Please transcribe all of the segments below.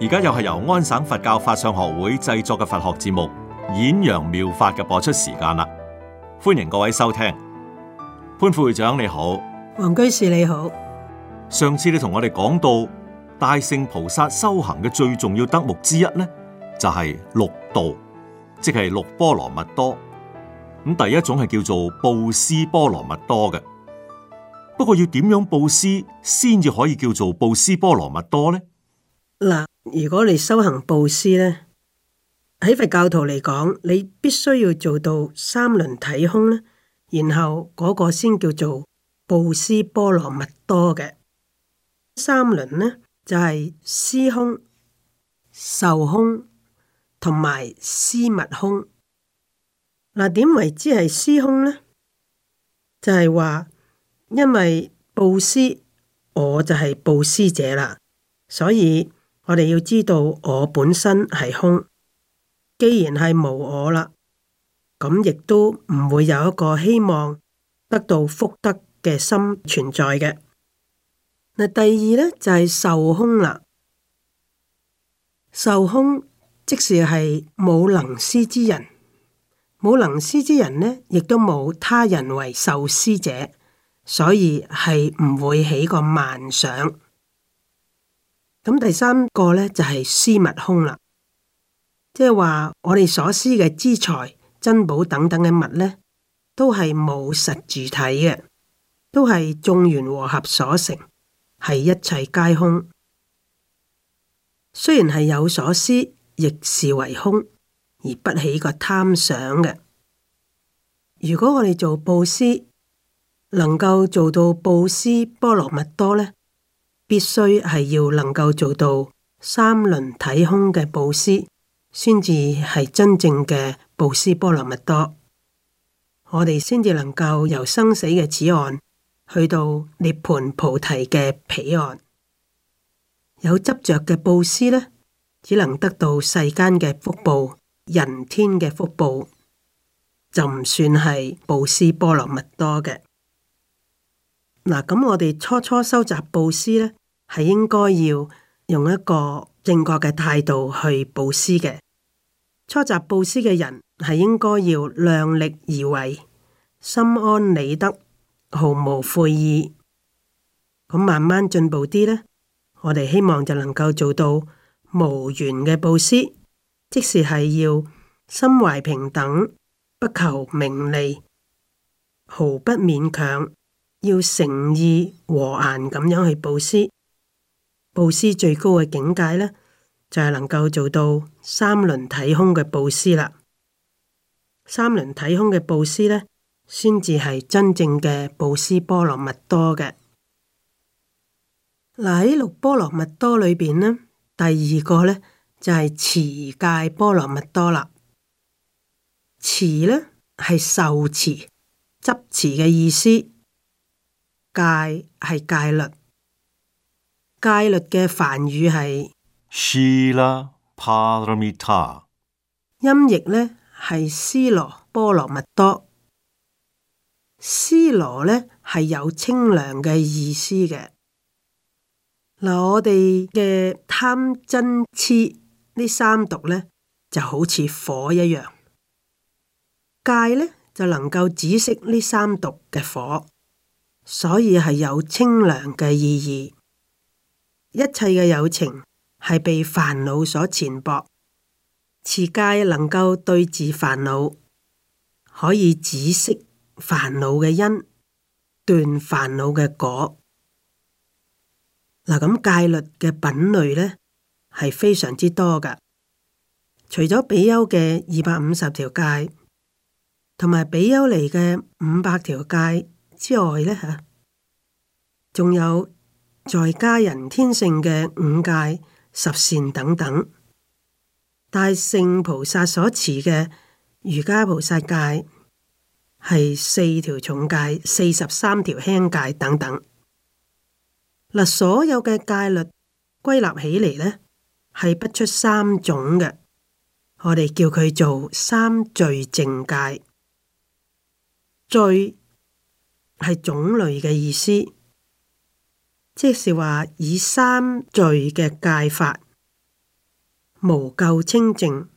而家又係由安省佛教法相學會製作嘅佛學節目《演揚妙妙法》嘅播出時間啦，歡迎各位收聽。潘副會長你好，王居士你好。上次你同我哋講到大乘菩薩修行嘅最重要德目之一呢，就係、是、六度，即係六波羅蜜多。咁第一種係叫做布施波羅蜜多嘅。不過要點樣布施先至可以叫做布施波羅蜜多呢？嗱。如果你修行布施呢，喺佛教徒嚟講，你必須要做到三輪體空呢，然後嗰個先叫做布施波羅蜜多嘅。三輪呢就係、是、施空、受空同埋施物空。嗱，點為之係施空呢？就係、是、話，因為布施，我就係布施者啦，所以。我哋要知道，我本身係空，既然係無我啦，咁亦都唔會有一個希望得到福德嘅心存在嘅。嗱，第二呢，就係受空啦，受空即係係冇能思之人，冇能思之人呢，亦都冇他人為受思者，所以係唔會起個妄想。咁第三個呢，就係、是、思物空啦，即係話我哋所思嘅資財、珍寶等等嘅物呢，都係冇實住體嘅，都係眾緣和合所成，係一切皆空。雖然係有所思，亦是為空，而不起個貪想嘅。如果我哋做布施，能夠做到布施波羅蜜多呢。必須係要能夠做到三輪體空嘅布施，先至係真正嘅布施波羅蜜多。我哋先至能夠由生死嘅此岸去到涅槃菩提嘅彼岸。有執着嘅布施咧，只能得到世間嘅福報、人天嘅福報，就唔算係布施波羅蜜多嘅。嗱，咁我哋初初收集布施呢，係應該要用一個正確嘅態度去布施嘅。初集布施嘅人係應該要量力而為，心安理得，毫無悔意。咁慢慢進步啲呢，我哋希望就能夠做到無緣嘅布施，即使係要心懷平等，不求名利，毫不勉強。要誠意和顏咁樣去布施，布施最高嘅境界呢，就係、是、能夠做到三輪體空嘅布施啦。三輪體空嘅布施呢，先至係真正嘅布施波羅蜜多嘅。嗱，喺六波羅蜜多裏邊呢，第二個呢，就係持戒波羅蜜多啦。持呢，係受持執持嘅意思。戒係戒律，戒律嘅梵語係 shila paramita，音譯呢係斯羅波羅蜜多。斯羅呢係有清涼嘅意思嘅。嗱，我哋嘅貪、真、癡呢三毒呢就好似火一樣，戒呢就能夠止息呢三毒嘅火。所以係有清涼嘅意義。一切嘅有情係被煩惱所纏縛。持戒能夠對治煩惱，可以止息煩惱嘅因，斷煩惱嘅果。嗱，咁戒律嘅品類呢係非常之多㗎。除咗比丘嘅二百五十條戒，同埋比丘尼嘅五百條戒。之外呢，仲有在家人天性嘅五戒十善等等。大乘菩薩所持嘅瑜伽菩薩戒係四條重戒、四十三條輕戒等等。嗱，所有嘅戒律歸納起嚟呢，係不出三種嘅。我哋叫佢做三聚淨戒，聚，係種類嘅意思，即是話以三聚嘅戒法無垢清淨，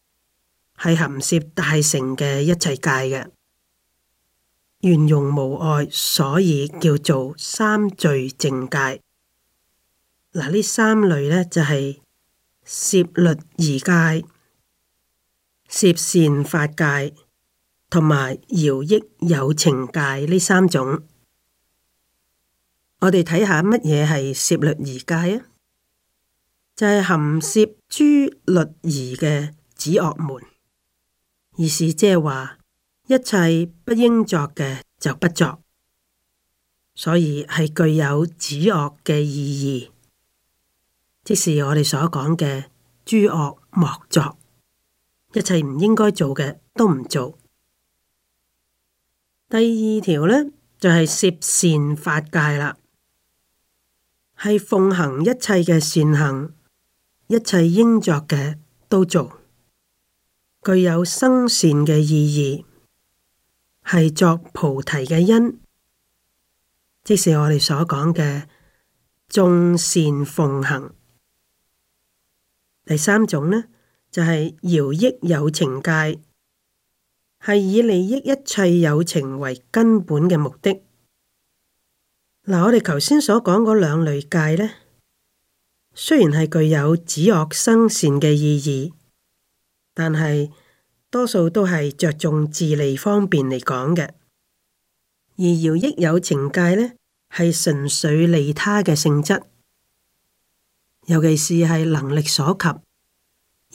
係含攝大乘嘅一切戒嘅圓融無礙，所以叫做三聚淨戒。嗱，呢三類咧就係、是、攝律儀戒、攝善法戒同埋饒益有情戒呢三種。我哋睇下乜嘢係攝律儀戒啊？就係、是、含攝諸律儀嘅止惡門，意思即係話一切不應作嘅就不作，所以係具有止惡嘅意義，即係我哋所講嘅諸惡莫作，一切唔應該做嘅都唔做。第二條呢，就係、是、攝善法戒啦。係奉行一切嘅善行，一切應作嘅都做，具有生善嘅意義，係作菩提嘅因，即係我哋所講嘅眾善奉行。第三種呢，就係、是、饒益有情界，係以利益一切有情為根本嘅目的。嗱，我哋頭先所講嗰兩類戒呢，雖然係具有止惡生善嘅意義，但係多數都係着重自利方便嚟講嘅；而饒益有情戒呢，係純粹利他嘅性質。尤其是係能力所及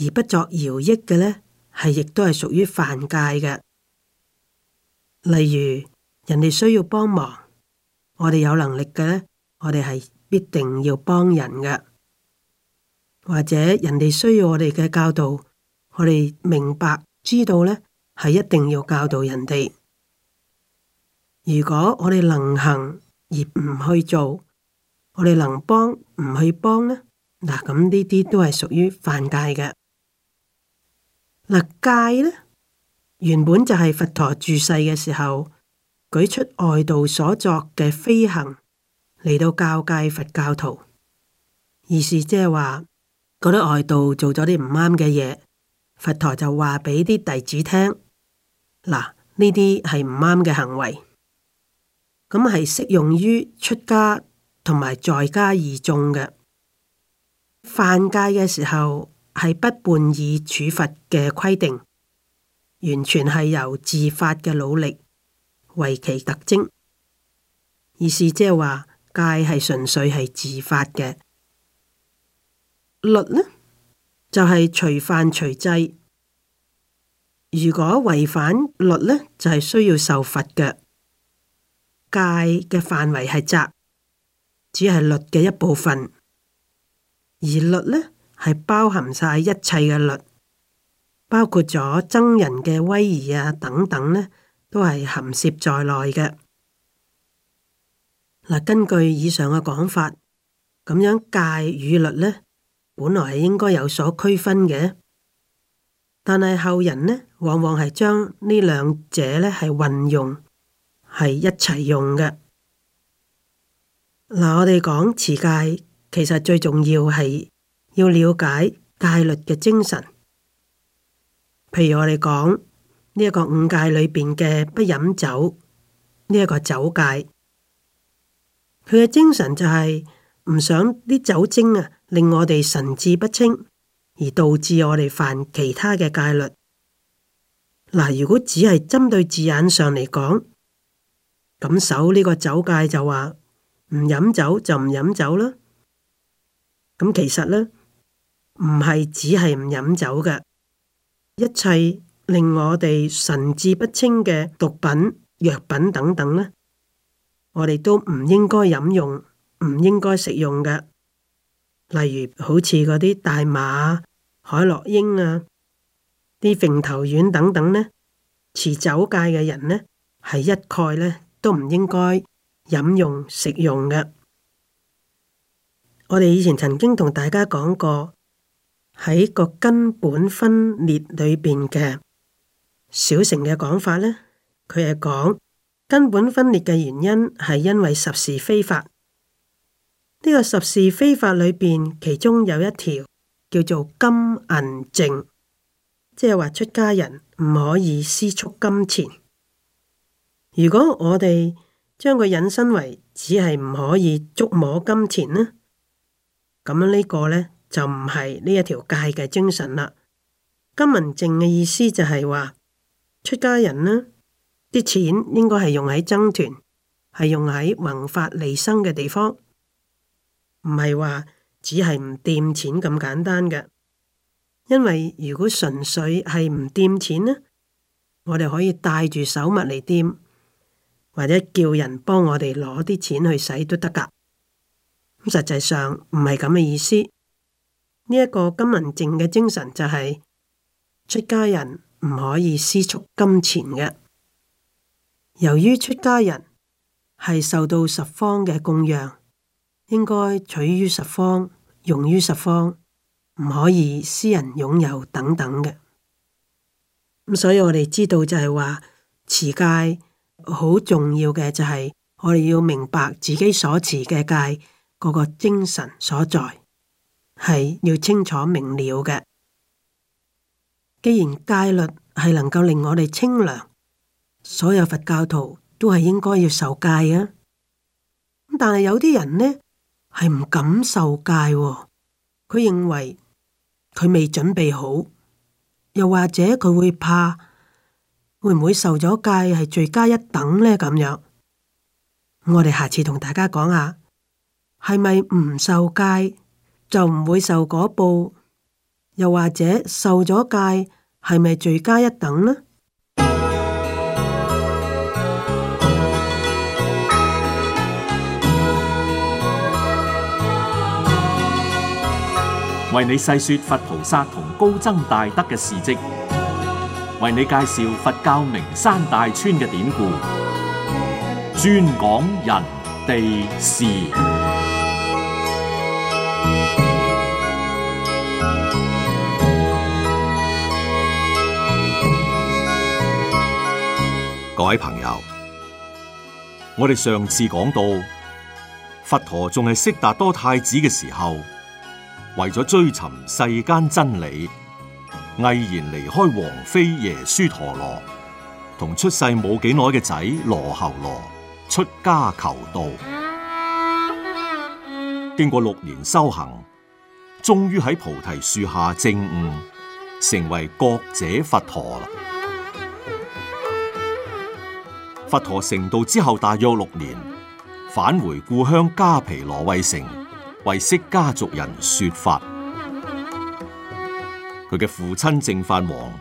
而不作饒益嘅呢，係亦都係屬於犯戒嘅。例如，人哋需要幫忙。我哋有能力嘅呢，我哋係必定要幫人嘅，或者人哋需要我哋嘅教導，我哋明白知道呢係一定要教導人哋。如果我哋能行而唔去做，我哋能幫唔去幫呢，嗱，咁呢啲都係屬於犯戒嘅。嗱，戒呢原本就係佛陀住世嘅時候，舉出外道所作嘅飛行嚟到教界佛教徒，意思即係話嗰啲外道做咗啲唔啱嘅嘢，佛陀就話畀啲弟子聽，嗱呢啲係唔啱嘅行為，咁係適用於出家同埋在家二眾嘅犯戒嘅時候係不伴以處罰嘅規定，完全係由自發嘅努力，為其特徵，意思即係話戒係純粹係自發嘅律呢，就係隨犯隨制。如果違反律呢，就係需要受罰嘅。戒嘅範圍係窄，只係律嘅一部分，而律呢，係包含晒一切嘅律，包括咗僧人嘅威儀啊等等呢。都係含攝在內嘅。嗱、啊，根據以上嘅講法，咁樣戒與律咧，本來係應該有所區分嘅，但係後人咧，往往係將呢兩者咧係運用係一齊用嘅。嗱、啊，我哋講持戒，其實最重要係要了解戒律嘅精神。譬如我哋講。呢一個五戒裏邊嘅不飲酒，呢一個酒戒，佢嘅精神就係唔想啲酒精啊，令我哋神志不清，而導致我哋犯其他嘅戒律。嗱，如果只係針對字眼上嚟講，咁守呢個酒戒就話唔飲酒就唔飲酒啦。咁其實咧，唔係只係唔飲酒嘅，一切。令我哋神志不清嘅毒品、藥品等等呢，我哋都唔應該飲用、唔應該食用嘅。例如好似嗰啲大麻、啊、海洛英啊、啲揈頭丸等等呢，持酒戒嘅人呢，係一概呢都唔應該飲用、食用嘅。我哋以前曾經同大家講過，喺個根本分裂裏邊嘅。小乘嘅講法呢，佢係講根本分裂嘅原因係因為十事非法呢，這個十事非法裏邊，其中有一條叫做金銀淨，即係話出家人唔可以私儲金錢。如果我哋將佢引申為只係唔可以觸摸金錢呢，咁呢個呢，就唔係呢一條戒嘅精神啦。金銀淨嘅意思就係話，出家人呢啲錢應該係用喺僧團，係用喺宏法利生嘅地方，唔係話只係唔掂錢咁簡單嘅。因為如果純粹係唔掂錢呢，我哋可以帶住手物嚟掂，或者叫人幫我哋攞啲錢去使都得㗎。咁實際上唔係咁嘅意思。呢、這、一個金文靜嘅精神就係、是、出家人。唔可以私蓄金錢嘅。由於出家人係受到十方嘅供養，應該取於十方，用於十方，唔可以私人擁有等等嘅。咁所以我哋知道就係話持戒好重要嘅，就係我哋要明白自己所持嘅戒嗰個精神所在，係要清楚明了嘅。既然戒律係能夠令我哋清涼，所有佛教徒都係應該要受戒嘅啊。但係有啲人呢，係唔敢受戒啊，佢認為佢未準備好，又或者佢會怕會唔會受咗戒係罪加一等呢？咁樣。我哋下次同大家講下，係咪唔受戒就唔會受嗰報？又或者受咗戒，係咪罪加一等呢？為你細說佛菩薩同高僧大德嘅事跡，為你介紹佛教名山大川嘅典故，專講人地事。各位朋友，我哋上次講到，佛陀仲係悉達多太子嘅時候，為咗追尋世間真理，毅然離開王妃耶輸陀羅同出世冇幾耐嘅仔羅睺羅出家求道。經過六年修行，終於喺菩提樹下證悟，成為覺者佛陀啦。佛陀成道之後大約六年，返回故鄉迦毗羅衛城為釋迦族人說法。佢嘅父親淨飯王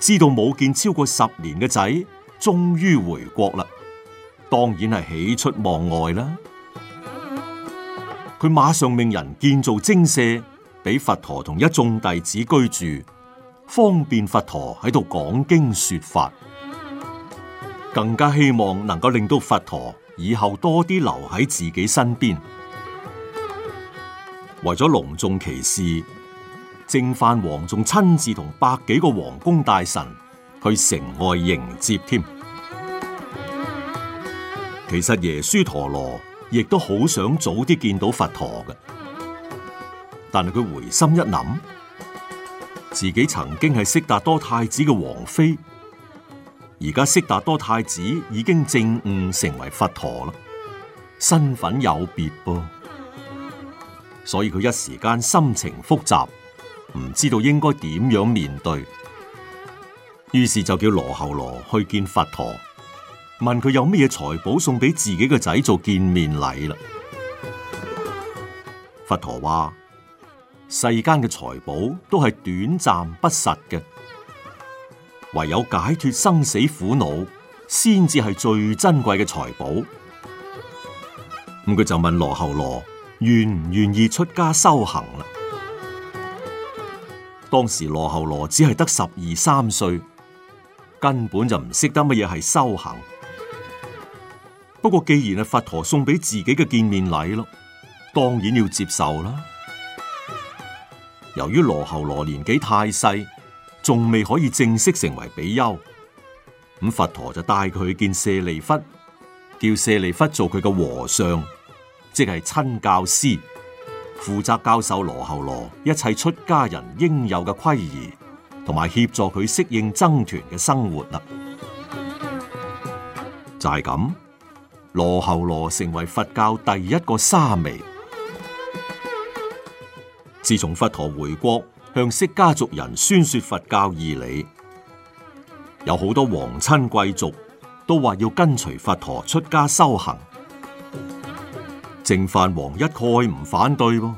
知道冇見超過十年嘅仔終於回國啦，當然係喜出望外啦。佢馬上命人建造精舍，俾佛陀同一眾弟子居住，方便佛陀喺度講經說法。更加希望能夠令到佛陀以後多啲留喺自己身邊。為咗隆重其事，淨飯王仲親自同百幾個皇宮大臣去城外迎接添。其實耶輸陀羅亦都好想早啲見到佛陀嘅，但係佢回心一諗，自己曾經係悉達多太子嘅王妃。而家悉達多太子已經證悟成為佛陀咯，身份有別噃，所以佢一時間心情複雜，唔知道應該點樣面對，於是就叫羅睺羅去見佛陀，問佢有咩嘢財寶送俾自己嘅仔做見面禮啦。佛陀話：世間嘅財寶都係短暫不實嘅。唯有解脫生死苦惱，先至係最珍貴嘅財寶。咁佢就問羅睺羅願唔願意出家修行啦？當時羅睺羅只係得十二三歲，根本就唔識得乜嘢係修行。不過既然係佛陀送俾自己嘅見面禮咯，當然要接受啦。由於羅睺羅年紀太細。仲未可以正式成為比丘，咁佛陀就帶佢去見舍利弗，叫舍利弗做佢嘅和尚，即係親教師，負責教授羅睺羅一切出家人應有嘅規儀，同埋協助佢適應僧團嘅生活啦。就係咁，羅睺羅成為佛教第一個沙彌。自從佛陀回國。向釋迦族人宣說佛教義理，有好多皇親貴族都話要跟隨佛陀出家修行。淨飯王一概唔反對喎，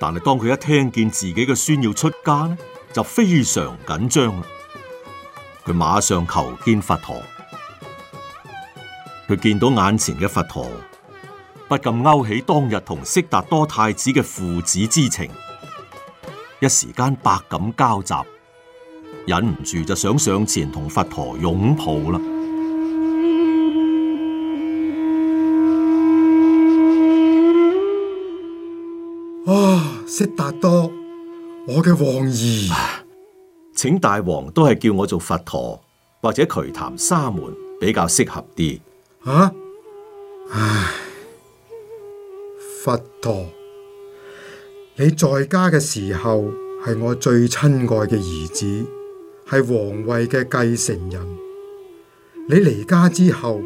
但係當佢一聽見自己嘅孫要出家，呢就非常緊張。佢馬上求見佛陀，佢見到眼前嘅佛陀，不禁勾起當日同悉達多太子嘅父子之情。一時間百感交集，忍唔住就想上前同佛陀擁抱啦！啊、哦，悉達多，我嘅王兒， 請大王都係叫我做佛陀或者瞿曇沙門比較適合啲。啊，唉，佛陀。你在家嘅時候係我最親愛嘅兒子，係皇位嘅繼承人。你離家之後，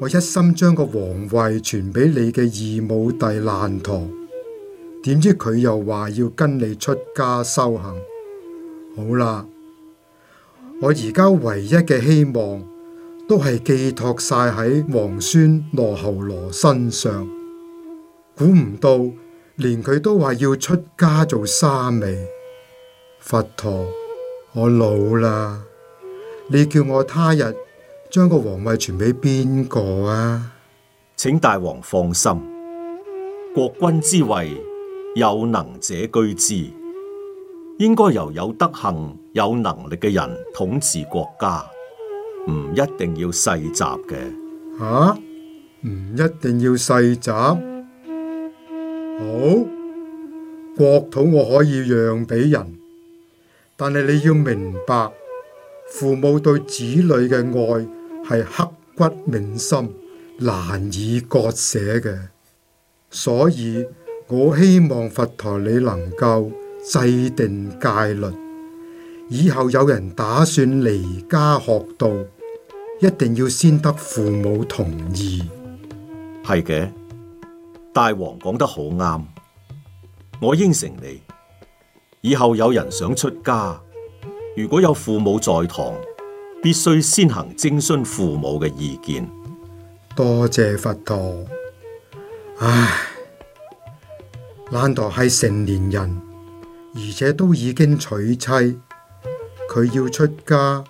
我一心將個皇位傳俾你嘅異母弟難陀，點知佢又話要跟你出家修行。好啦，我而家唯一嘅希望都係寄託晒喺皇孫羅睺羅身上，估唔到。連佢都話要出家做沙彌，佛陀，我老啦，你叫我他日將個皇位傳俾邊個啊？請大王放心，國君之位，有能者居之，應該由有德行、有能力嘅人統治國家，唔一定要世襲嘅。吓、啊，唔一定要世襲？好，oh? 國土我可以讓俾人，但係你要明白，父母對子女嘅愛係刻骨銘心，難以割捨嘅。所以我希望佛陀你能夠制定戒律，以後有人打算離家學道，一定要先得父母同意。係嘅。大王講得好啱，我應承你。以後有人想出家，如果有父母在堂，必須先行徵詢父母嘅意見。多謝佛陀。唉，難陀係成年人，而且都已經娶妻，佢要出家，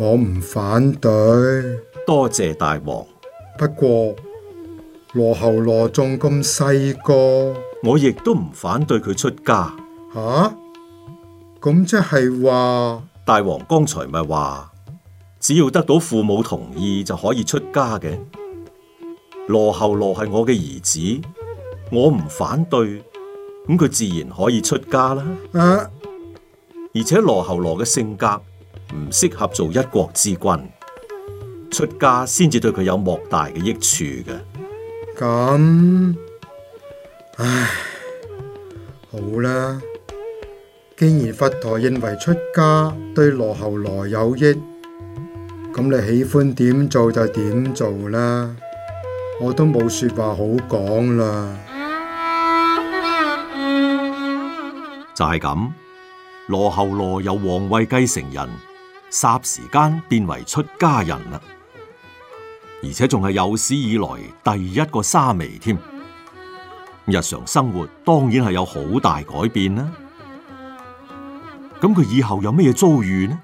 我唔反對。多謝大王。不過。羅睺羅仲咁細個，我亦都唔反對佢出家。吓、啊，咁即係話大王剛才咪話，只要得到父母同意就可以出家嘅。羅睺羅係我嘅兒子，我唔反對，咁佢自然可以出家啦。啊，而且羅睺羅嘅性格唔適合做一國之君，出家先至對佢有莫大嘅益處嘅。咁，唉，好啦，既然佛陀認為出家對羅睺羅有益，咁你喜歡點做就點做啦，我都冇說話好講啦，就係咁，羅睺羅由王位繼承人，霎時間變為出家人啦。而且仲係有史以來第一個沙彌添，日常生活當然係有好大改變啦。咁佢以後有咩嘢遭遇呢？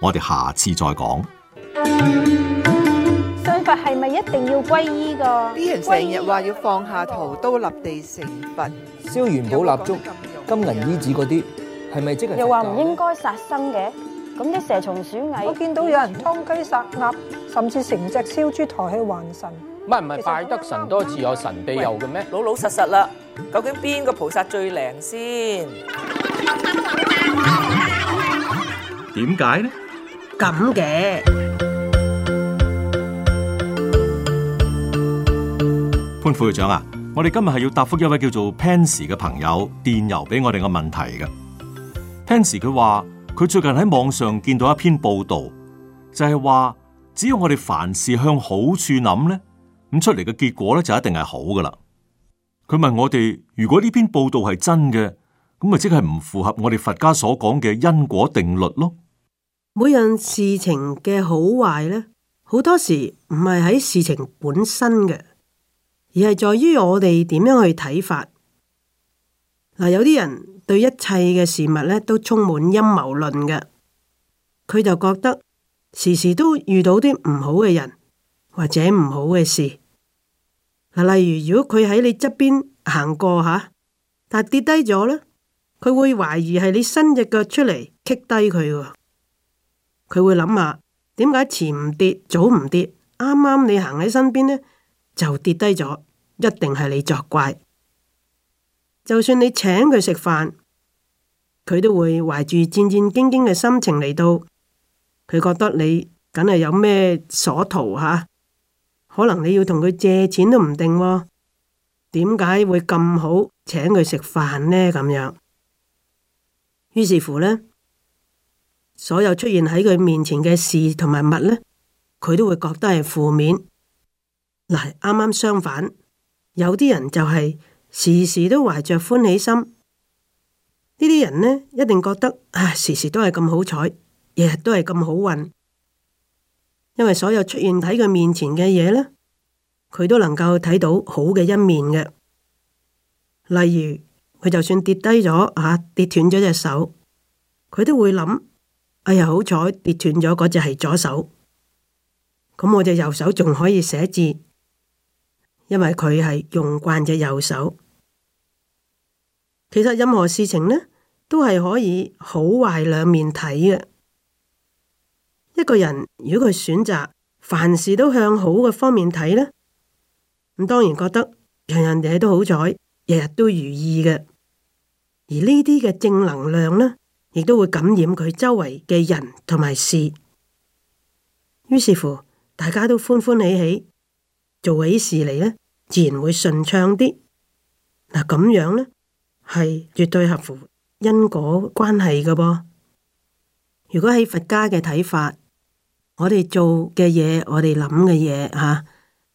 我哋下次再講。信佛係咪一定要皈依㗎？啲人成日話要放下屠刀立地成佛，燒元寶蠟燭、金銀衣紙嗰啲，係咪、嗯、即係？又話唔應該殺生嘅，咁啲蛇蟲鼠蟻，我見到有人放雞殺鴨。嗯甚至成隻燒豬抬去還神，唔係，唔係拜得神多自有神庇佑嘅咩？老老實實啦，究竟邊個菩薩最靈先？點解呢？咁嘅潘副處長啊，我哋今日係要答覆一位叫做 Pans 嘅朋友電郵俾我哋嘅問題嘅。Pans 佢話佢最近喺網上見到一篇報道，就係話。只要我哋凡事向好處諗呢，咁出嚟嘅結果呢，就一定係好噶啦。佢問我哋，如果呢篇報道係真嘅，咁咪即係唔符合我哋佛家所講嘅因果定律咯。每樣事情嘅好壞呢，好多時唔係喺事情本身嘅，而係在於我哋點樣去睇法。嗱，有啲人對一切嘅事物呢，都充滿陰謀論嘅，佢就覺得。時時都遇到啲唔好嘅人或者唔好嘅事。嗱，例如如果佢喺你側邊行過吓，但跌低咗呢，佢會懷疑係你伸隻腳出嚟棘低佢嘅，佢會諗下點解遲唔跌早唔跌，啱啱你行喺身邊呢，就跌低咗，一定係你作怪。就算你請佢食飯，佢都會懷住戰戰兢兢嘅心情嚟到。佢覺得你梗係有咩所圖吓？可能你要同佢借錢都唔定喎。點解會咁好請佢食飯呢？咁樣，於是乎呢，所有出現喺佢面前嘅事同埋物呢，佢都會覺得係負面。嗱，啱啱相反，有啲人就係時時都懷着歡喜心，呢啲人呢，一定覺得啊，時時都係咁好彩。日日都係咁好運，因為所有出現喺佢面前嘅嘢呢，佢都能夠睇到好嘅一面嘅。例如佢就算跌低咗吓、啊，跌斷咗隻手，佢都會諗：哎呀，好彩跌斷咗嗰隻係左手，咁我隻右手仲可以寫字，因為佢係用慣隻右手。其實任何事情呢，都係可以好壞兩面睇嘅。一個人如果佢選擇凡事都向好嘅方面睇呢，咁當然覺得人人哋都好彩，日日都如意嘅。而呢啲嘅正能量呢，亦都會感染佢周圍嘅人同埋事。於是乎，大家都歡歡喜喜做起事嚟呢，自然會順暢啲。嗱，咁樣呢係絕對合乎因果關係嘅噃。如果喺佛家嘅睇法，我哋做嘅嘢，我哋諗嘅嘢吓，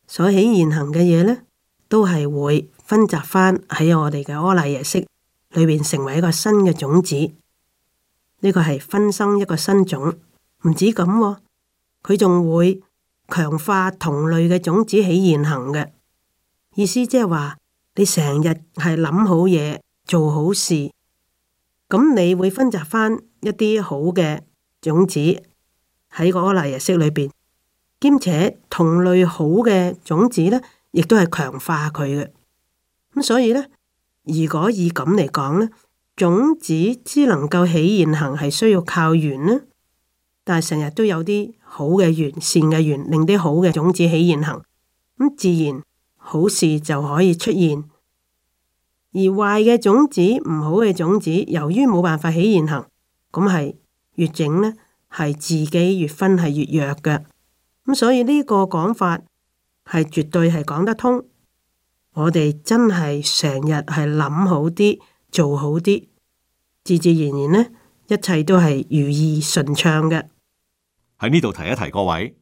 所起現行嘅嘢咧，都係會分集翻喺我哋嘅阿賴耶識裏邊，成為一個新嘅種子。呢、這個係分生一個新種，唔止咁、哦，佢仲會強化同類嘅種子起現行嘅意思，即係話你成日係諗好嘢，做好事，咁你會分集翻一啲好嘅種子。喺嗰個阿賴耶識裏邊，兼且同類好嘅種子咧，亦都係強化佢嘅。咁所以咧，如果以咁嚟講咧，種子之能夠起現行係需要靠緣咧，但係成日都有啲好嘅緣、善嘅緣，令啲好嘅種子起現行，咁自然好事就可以出現。而壞嘅種子、唔好嘅種子，由於冇辦法起現行，咁係越整咧。係自己越分係越弱嘅，咁、嗯、所以呢個講法係絕對係講得通。我哋真係成日係諗好啲，做好啲，自自然然呢一切都係如意順暢嘅。喺呢度提一提各位，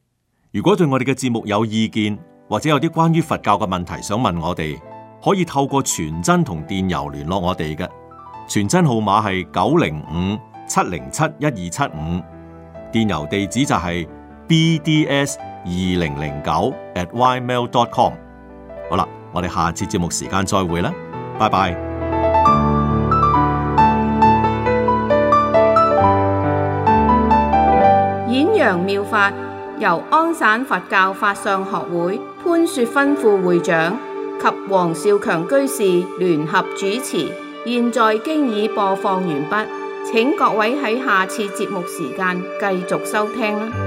如果對我哋嘅節目有意見，或者有啲關於佛教嘅問題想問我哋，可以透過傳真同電郵聯絡我哋嘅。傳真號碼係九零五七零七一二七五。電郵地址就係 bds 二零零九 atymail.com。好啦，我哋下次節目時間再會啦，拜拜。演揚妙法，由安省佛教法相學會潘雪芬副會長及黃少強居士聯合主持，現在經已播放完畢。請各位喺下次節目時間繼續收聽啦。